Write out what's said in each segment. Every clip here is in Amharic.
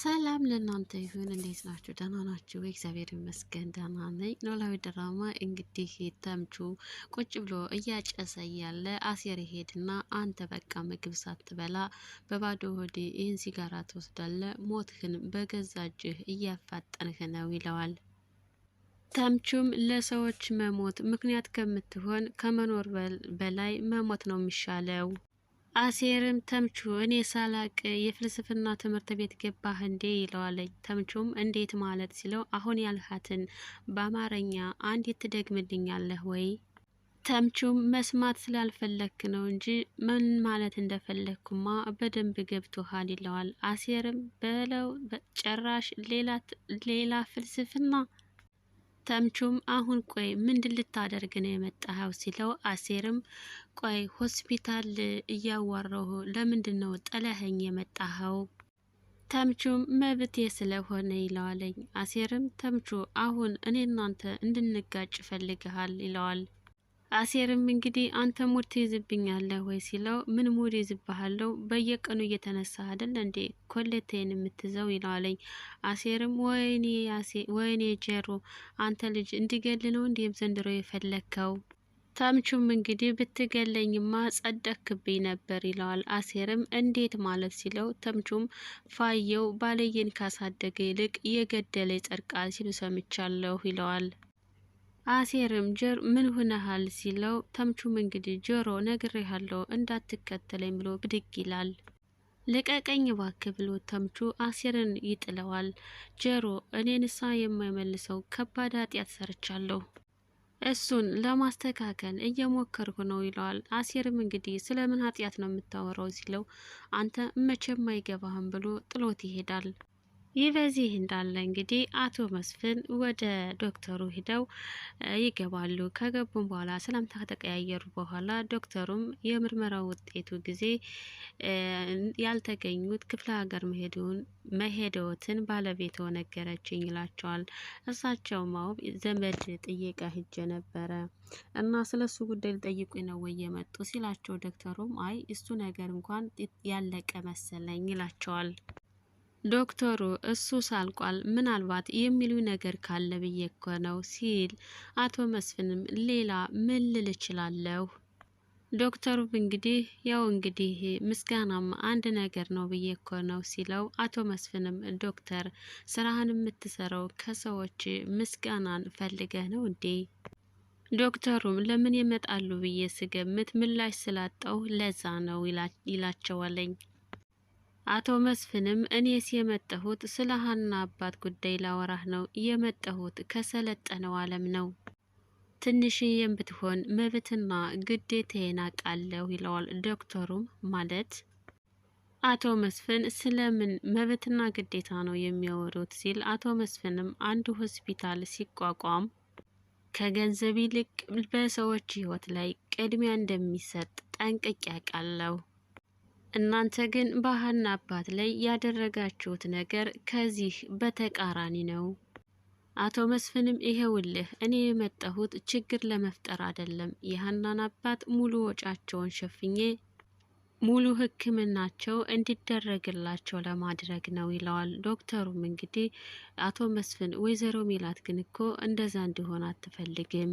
ሰላም ለእናንተ ይሁን። እንዴት ናችሁ? ደህና ናችሁ? እግዚአብሔር ይመስገን ደህና ነኝ። ኖላዊ ድራማ እንግዲህ ተምቹ ቁጭ ብሎ እያጨሰ እያለ አሴር ሄድና አንተ በቃ ምግብ ሳትበላ በባዶ ሆዴ ይህን ሲጋራ ትወስዳለ፣ ሞትህን በገዛ እጅህ እያፋጠንህ ነው ይለዋል። ተምቹም ለሰዎች መሞት ምክንያት ከምትሆን ከመኖር በላይ መሞት ነው የሚሻለው አሴርም ተምቹ እኔ ሳላቅ የፍልስፍና ትምህርት ቤት ገባህ እንዴ ይለዋለኝ። ተምቹም እንዴት ማለት ሲለው አሁን ያልሃትን በአማርኛ አንዴት ትደግምልኛለህ ወይ? ተምቹም መስማት ስላልፈለክ ነው እንጂ ምን ማለት እንደፈለግኩማ በደንብ ገብቶሃል ይለዋል። አሴርም በለው ጨራሽ ሌላ ፍልስፍና ተምቹም አሁን ቆይ ምንድን ልታደርግ ነው የመጣኸው? ሲለው አሴርም ቆይ ሆስፒታል እያዋራሁ ለምንድን ነው ጥለኸኝ የመጣኸው? ተምቹም መብቴ ስለሆነ ይለዋለኝ። አሴርም ተምቹ አሁን እኔ እናንተ እንድንጋጭ ይፈልግሃል ይለዋል። አሴርም እንግዲህ አንተ ሙድ ትይዝብኛለህ ወይ ሲለው ምን ሙድ ይዝብሃለው በየቀኑ እየተነሳ አደለ እንዴ ኮሌቴን የምትዘው ይለዋለኝ። አሴርም ወይኔ ወይኔ ጀሮ አንተ ልጅ እንዲገል ነው እንዲህም ዘንድሮ የፈለግከው ታምቹም እንግዲህ ብትገለኝማ ጸደክብኝ ነበር ይለዋል። አሴርም እንዴት ማለት ሲለው ተምቹም ፋየው ባለየን ካሳደገ ይልቅ የገደለ ይጸድቃል ሲሉ ሰምቻለሁ ይለዋል። አሴርም ጆሮ ምን ሁነሃል ሲለው ተምቹም እንግዲህ ጆሮ ነግሬሃለሁ እንዳትከተለኝ ብሎ ብድግ ይላል። ልቀቀኝ ባክ ብሎ ተምቹ አሴርን ይጥለዋል። ጆሮ እኔንሳ የማይመልሰው ከባድ ኃጢአት ሰርቻለሁ እሱን ለማስተካከል እየሞከርኩ ነው ይለዋል። አሴርም እንግዲህ ስለምን ኃጢአት ነው የምታወራው ሲለው አንተ መቼም አይገባህም ብሎ ጥሎት ይሄዳል። ይህ በዚህ እንዳለ እንግዲህ አቶ መስፍን ወደ ዶክተሩ ሂደው ይገባሉ። ከገቡም በኋላ ሰላምታ ከተቀያየሩ በኋላ ዶክተሩም የምርመራው ውጤቱ ጊዜ ያልተገኙት ክፍለ ሀገር መሄዱን መሄደዎትን ባለቤትዎ ነገረችኝ ይላቸዋል። እሳቸው ማወብ ዘመድ ጥየቃ ሂጄ ነበረ እና ስለ እሱ ጉዳይ ሊጠይቁ ነው ወይ የመጡ ሲላቸው ዶክተሩም አይ እሱ ነገር እንኳን ያለቀ መሰለኝ ይላቸዋል። ዶክተሩ እሱ ሳልቋል ምናልባት የሚሉ ነገር ካለ ብዬ እኮ ነው ሲል አቶ መስፍንም ሌላ ምን ልል እችላለሁ? ዶክተሩም እንግዲህ ያው እንግዲህ ምስጋናም አንድ ነገር ነው ብዬ እኮ ነው ሲለው፣ አቶ መስፍንም ዶክተር ስራህን የምትሰራው ከሰዎች ምስጋናን ፈልገህ ነው እንዴ? ዶክተሩም ለምን ይመጣሉ ብዬ ስገምት ምላሽ ስላጣው ለዛ ነው ይላቸዋለኝ። አቶ መስፍንም እኔስ የመጣሁት ስለ ሀና አባት ጉዳይ ላወራህ ነው የመጣሁት ከሰለጠነው ዓለም ነው ትንሽዬም ብትሆን መብትና ግዴታዬን አውቃለሁ ይለዋል። ዶክተሩም ማለት አቶ መስፍን ስለምን መብትና ግዴታ ነው የሚያወሩት ሲል አቶ መስፍንም አንድ ሆስፒታል ሲቋቋም ከገንዘብ ይልቅ በሰዎች ሕይወት ላይ ቅድሚያ እንደሚሰጥ ጠንቅቄ አውቃለሁ። እናንተ ግን በሀና አባት ላይ ያደረጋችሁት ነገር ከዚህ በተቃራኒ ነው። አቶ መስፍንም ይሄውልህ፣ እኔ የመጣሁት ችግር ለመፍጠር አይደለም። የሀናን አባት ሙሉ ወጫቸውን ሸፍኜ ሙሉ ሕክምናቸው እንዲደረግላቸው ለማድረግ ነው ይለዋል። ዶክተሩም እንግዲህ አቶ መስፍን፣ ወይዘሮ ሚላት ግን እኮ እንደዛ እንዲሆን አትፈልግም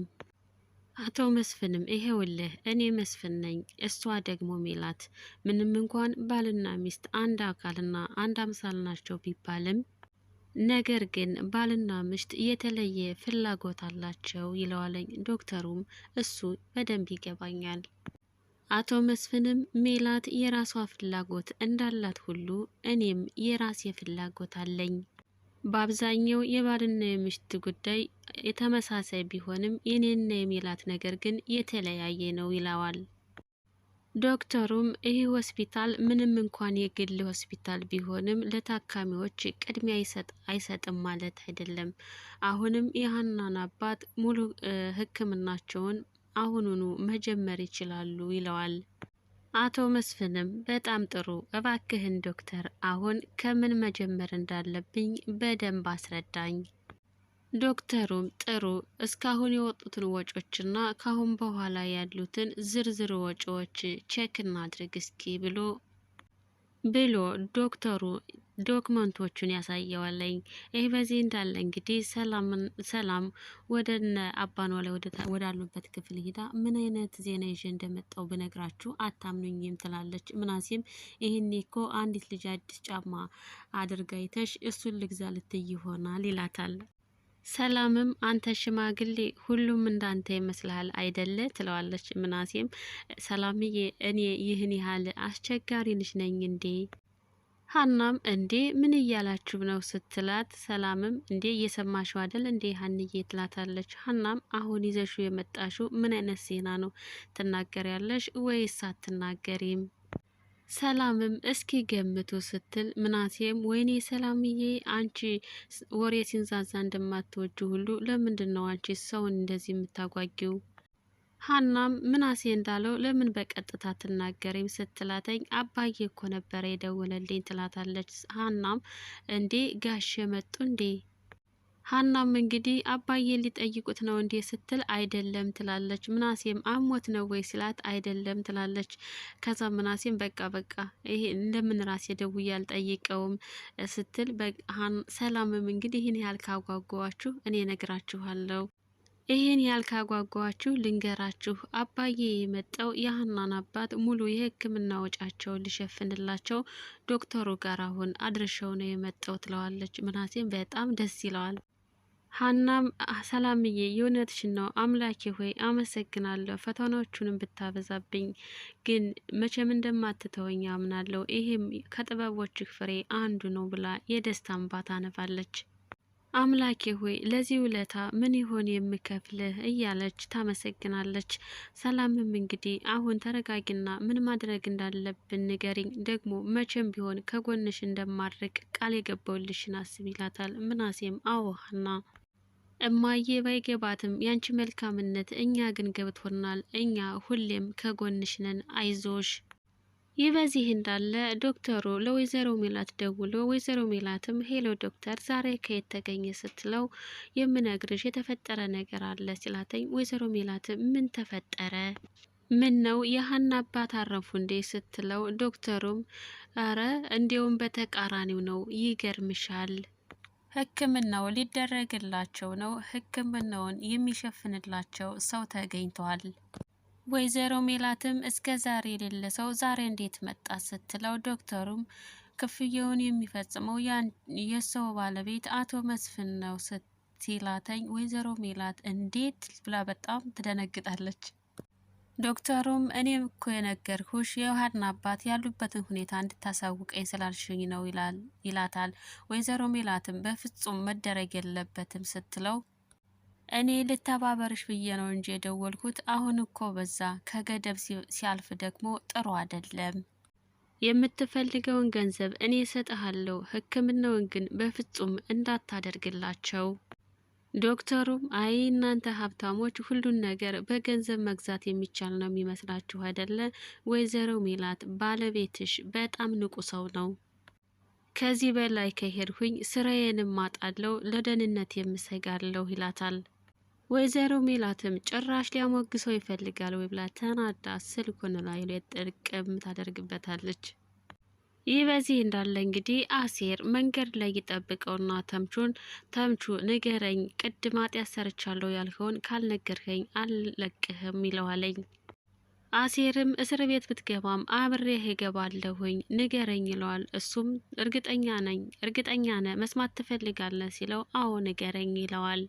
አቶ መስፍንም ይሄውልህ እኔ መስፍን ነኝ፣ እሷ ደግሞ ሜላት። ምንም እንኳን ባልና ሚስት አንድ አካልና አንድ አምሳል ናቸው ቢባልም ነገር ግን ባልና ምሽት የተለየ ፍላጎት አላቸው ይለዋለኝ። ዶክተሩም እሱ በደንብ ይገባኛል። አቶ መስፍንም ሜላት የራሷ ፍላጎት እንዳላት ሁሉ እኔም የራሴ ፍላጎት አለኝ በአብዛኛው የባልና የምሽት ጉዳይ የተመሳሳይ ቢሆንም የኔና የሚላት ነገር ግን የተለያየ ነው ይለዋል። ዶክተሩም ይህ ሆስፒታል ምንም እንኳን የግል ሆስፒታል ቢሆንም ለታካሚዎች ቅድሚያ አይሰጥም ማለት አይደለም። አሁንም የሀናን አባት ሙሉ ሕክምናቸውን አሁኑኑ መጀመር ይችላሉ ይለዋል። አቶ መስፍንም በጣም ጥሩ እባክህን ዶክተር አሁን ከምን መጀመር እንዳለብኝ በደንብ አስረዳኝ። ዶክተሩም ጥሩ እስካሁን የወጡትን ወጮችና ካሁን በኋላ ያሉትን ዝርዝር ወጪዎች ቼክ እናድርግ እስኪ ብሎ ብሎ ዶክተሩ ዶክመንቶቹን ያሳየዋለኝ። ይህ በዚህ እንዳለ እንግዲህ ሰላም ወደ እነ አባኗ ወዳሉበት ክፍል ሂዳ ምን አይነት ዜና ይዤ እንደመጣው ብነግራችሁ አታምኑኝም ትላለች። ምናሴም ይህን እኮ አንዲት ልጅ አዲስ ጫማ አድርጋ እሱን ልግዛ ልትይ ይሆናል ይላታል። ሰላምም አንተ ሽማግሌ ሁሉም እንዳንተ ይመስልሃል አይደለ? ትለዋለች። ምናሴም ሰላምዬ፣ እኔ ይህን ያህል አስቸጋሪ ልጅ ነኝ እንዴ? ሀናም እንዴ ምን እያላችሁ ነው ስትላት፣ ሰላምም እንዴ እየሰማሽው አይደል እንዴ ሀንዬ ትላታለች። ሀናም አሁን ይዘሹ የመጣሹ ምን አይነት ዜና ነው? ትናገሪያለሽ ወይስ አትናገሪም? ሰላምም እስኪ ገምቱ ስትል ምናሴም ወይኔ ሰላምዬ አንቺ ወሬ ሲንዛዛ እንደማትወጁ ሁሉ ለምንድን ነው አንቺ ሰውን እንደዚህ የምታጓጊው? ሀናም ምናሴ እንዳለው ለምን በቀጥታ ትናገሪም ስትላተኝ አባዬ እኮ ነበረ የደወለልኝ ትላታለች። ሀናም እንዴ ጋሽ መጡ እንዴ ሀናም እንግዲህ አባዬ ሊጠይቁት ነው እንዴ ስትል አይደለም ትላለች። ምናሴም አሞት ነው ወይ ስላት አይደለም ትላለች። ከዛ ምናሴም በቃ በቃ ይሄ እንደምን ራሴ ደውዬ አልጠይቀውም ስትል ሰላምም እንግዲህ ይህን ያህል ካጓጓችሁ እኔ ነግራችኋለሁ ይህን ያልካጓጓችሁ ልንገራችሁ፣ አባዬ የመጣው የሀናን አባት ሙሉ የሕክምና ወጫቸውን ሊሸፍንላቸው ዶክተሩ ጋር አሁን አድርሸው ነው የመጣው ትለዋለች። ምናሴም በጣም ደስ ይለዋል። ሀናም ሰላምዬ የእውነትሽን ነው አምላኬ ሆይ አመሰግናለሁ። ፈተናዎቹንም ብታበዛብኝ ግን መቼም እንደማትተወኝ አምናለሁ። ይሄም ከጥበቦች ፍሬ አንዱ ነው ብላ የደስታ እንባ ታነባለች። አምላኬ ሆይ ለዚህ ውለታ ምን ይሆን የምከፍልህ እያለች ታመሰግናለች። ሰላምም እንግዲህ አሁን ተረጋጊና ምን ማድረግ እንዳለብን ንገሪኝ፣ ደግሞ መቼም ቢሆን ከጎንሽ እንደማድረግ ቃል የገባውልሽን አስብ ይላታል። ምናሴም አዎሃና እማዬ ባይገባትም ያንቺ መልካምነት እኛ ግን ገብቶናል። እኛ ሁሌም ከጎንሽ ነን፣ አይዞሽ። ይህ በዚህ እንዳለ ዶክተሩ ለወይዘሮ ሜላት ደውሎ ወይዘሮ ሜላትም ሄሎ ዶክተር ዛሬ ከየት ተገኘ ስትለው የምነግርሽ የተፈጠረ ነገር አለ ሲላተኝ ወይዘሮ ሜላት ምን ተፈጠረ ምን ነው የሀና አባት አረፉ እንዴ ስትለው ዶክተሩም አረ እንዲያውም በተቃራኒው ነው ይገርምሻል ህክምናው ሊደረግላቸው ነው። ህክምናውን የሚሸፍንላቸው ሰው ተገኝተዋል። ወይዘሮ ሜላትም እስከ ዛሬ የሌለ ሰው ዛሬ እንዴት መጣ ስትለው ዶክተሩም ክፍያውን የሚፈጽመው የሰው ባለቤት አቶ መስፍን ነው ስትላተኝ ወይዘሮ ሜላት እንዴት ብላ በጣም ትደነግጣለች። ዶክተሩም እኔም እኮ የነገርኩሽ የውሃድን አባት ያሉበትን ሁኔታ እንድታሳውቀኝ ስላልሽኝ ነው ይላታል። ወይዘሮ ሜላትም በፍጹም መደረግ የለበትም ስትለው እኔ ልተባበርሽ ብዬ ነው እንጂ የደወልኩት አሁን እኮ በዛ፣ ከገደብ ሲያልፍ ደግሞ ጥሩ አይደለም። የምትፈልገውን ገንዘብ እኔ እሰጥሃለሁ፣ ሕክምናውን ግን በፍጹም እንዳታደርግላቸው ዶክተሩም አይ እናንተ ሀብታሞች ሁሉን ነገር በገንዘብ መግዛት የሚቻል ነው የሚመስላችሁ አይደለ? ወይዘሮ ሜላት ባለቤትሽ በጣም ንቁ ሰው ነው። ከዚህ በላይ ከሄድሁኝ ስራዬንም ማጣለው፣ ለደህንነት የምሰጋለሁ ይላታል። ወይዘሮ ሜላትም ጭራሽ ሊያሞግሰው ይፈልጋል ወይ ብላ ተናዳ ስልኩን ላይ ጥርቅም ታደርግበታለች። ይህ በዚህ እንዳለ እንግዲህ አሴር መንገድ ላይ ይጠብቀውና ተምቹን ተምቹ ንገረኝ፣ ቅድም ኃጢአት ሰርቻለሁ ያልከውን ካልነገርከኝ አልለቅህም ይለዋለኝ። አሴርም እስር ቤት ብትገባም አብሬህ እገባለሁኝ ንገረኝ ይለዋል። እሱም እርግጠኛ ነኝ እርግጠኛ ነ መስማት ትፈልጋለህ ሲለው አዎ ንገረኝ ይለዋል።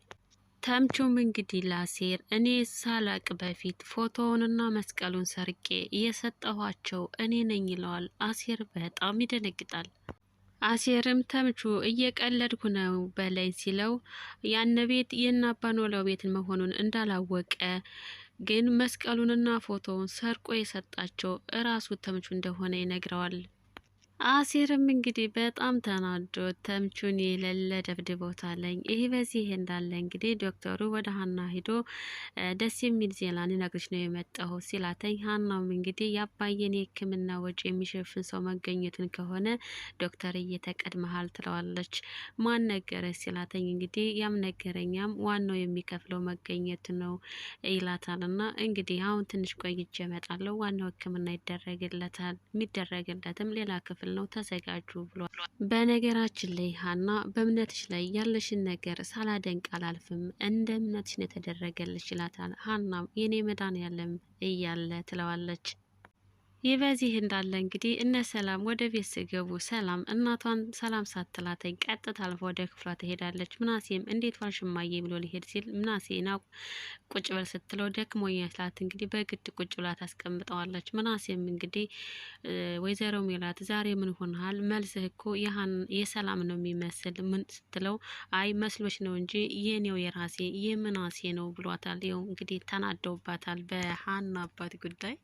ተምቹም እንግዲህ ላሴር እኔ ሳላቅ በፊት ፎቶውንና መስቀሉን ሰርቄ እየሰጠኋቸው እኔ ነኝ ይለዋል። አሴር በጣም ይደነግጣል። አሴርም ተምቹ እየቀለድኩ ነው በላይ ሲለው ያነ ቤት የእነ አባኖላው ቤትን መሆኑን እንዳላወቀ ግን መስቀሉንና ፎቶውን ሰርቆ የሰጣቸው እራሱ ተምቹ እንደሆነ ይነግረዋል። አሲርም እንግዲህ በጣም ተናዶ ተምቹን የሌለ ደብድቦታለኝ። ይህ በዚህ እንዳለ እንግዲህ ዶክተሩ ወደ ሀና ሂዶ ደስ የሚል ዜና ልነግርሽ ነው የመጣሁ ሲላተኝ፣ ሀናውም እንግዲህ የአባዬን የሕክምና ወጪ የሚሸፍን ሰው መገኘቱን ከሆነ ዶክተር እየተቀድመሃል ትለዋለች። ማን ነገረ ሲላተኝ፣ እንግዲህ ያም ነገረኛም ዋናው የሚከፍለው መገኘት ነው ይላታል። እና እንግዲህ አሁን ትንሽ ቆይቼ እመጣለሁ ዋናው ሕክምና ይደረግለታል። የሚደረግለትም ሌላ ክፍል አለው ተዘጋጁ ብሏል። በነገራችን ላይ ሀና በእምነትሽ ላይ ያለሽን ነገር ሳላደንቅ አላልፍም፣ እንደ እምነትሽ ነው የተደረገልሽ ይላታል። ሀናም የኔ መዳን ያለም እያለ ትለዋለች። ይህ በዚህ እንዳለ እንግዲህ እነ ሰላም ወደ ቤት ሲገቡ ሰላም እናቷን ሰላም ሳትላተኝ ቀጥታ አልፎ ወደ ክፍሏ ትሄዳለች። ምናሴም እንዴት ዋልሽ እማዬ ብሎ ሊሄድ ሲል ምናሴ ና ቁጭ በል ስትለው ደክሞኛል ስላት እንግዲህ በግድ ቁጭ ብላ ታስቀምጠዋለች። ምናሴም እንግዲህ ወይዘሮ ሜላት ዛሬ ምን ሆንሃል? መልስህ እኮ የሰላም ነው የሚመስል ምን ስትለው አይ መስሎች ነው እንጂ የኔው የራሴ የምናሴ ነው ብሏታል። ይኸው እንግዲህ ተናደውባታል በሀና አባት ጉዳይ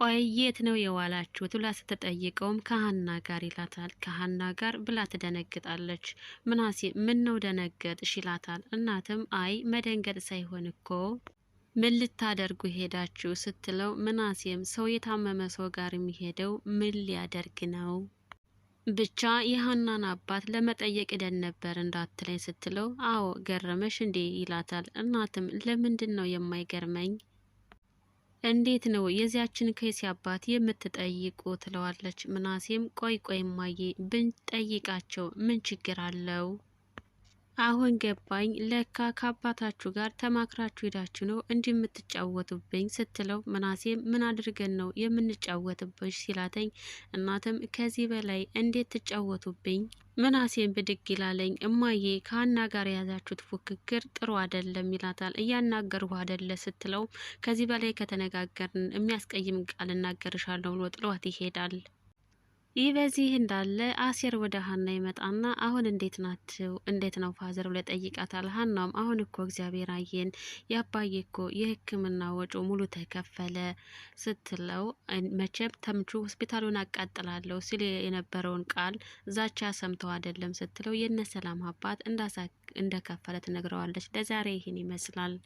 ቆይ የት ነው የዋላችሁት ብላ ስትጠይቀውም ከሀና ጋር ይላታል። ከሀና ጋር ብላ ትደነግጣለች። ምናሴ ምን ነው ደነገጥሽ ይላታል። እናትም አይ መደንገጥ ሳይሆን እኮ ምን ልታደርጉ ሄዳችሁ ስትለው ምናሴም ሰው የታመመ ሰው ጋር የሚሄደው ምን ሊያደርግ ነው ብቻ የሀናን አባት ለመጠየቅ ደን ነበር እንዳትለኝ ስትለው አዎ ገረመሽ እንዴ ይላታል። እናትም ለምንድን ነው የማይገርመኝ እንዴት ነው የዚያችን ከይሲ አባት የምትጠይቁ? ትለዋለች። ምናሴም ቆይ ቆይ ማዬ ብንጠይቃቸው ምን ችግር አለው? አሁን ገባኝ። ለካ ከአባታችሁ ጋር ተማክራችሁ ሄዳችሁ ነው እንዲህ የምትጫወቱብኝ ስትለው ምናሴም ምን አድርገን ነው የምንጫወትብሽ ሲላተኝ እናትም ከዚህ በላይ እንዴት ትጫወቱብኝ ምናሴን ብድግ ይላለኝ። እማዬ ከሀና ጋር የያዛችሁት ፉክክር ጥሩ አይደለም ይላታል። እያናገርሁ አደለ ስትለው ከዚህ በላይ ከተነጋገርን የሚያስቀይም ቃል እናገርሻለሁ ብሎ ጥሏት ይሄዳል። ይህ በዚህ እንዳለ አሴር ወደ ሀና ይመጣና አሁን እንዴት ናቸው እንዴት ነው ፋዘር ብለ ጠይቃታል። ሀናውም አሁን እኮ እግዚአብሔር አየን ያባዬ እኮ የሕክምና ወጪ ሙሉ ተከፈለ ስትለው መቼም ተምቹ ሆስፒታሉን አቃጥላለሁ ሲል የነበረውን ቃል ዛቻ ሰምተው አይደለም ስትለው የነ ሰላም አባት እንደከፈለ ትነግረዋለች። ለዛሬ ይህን ይመስላል።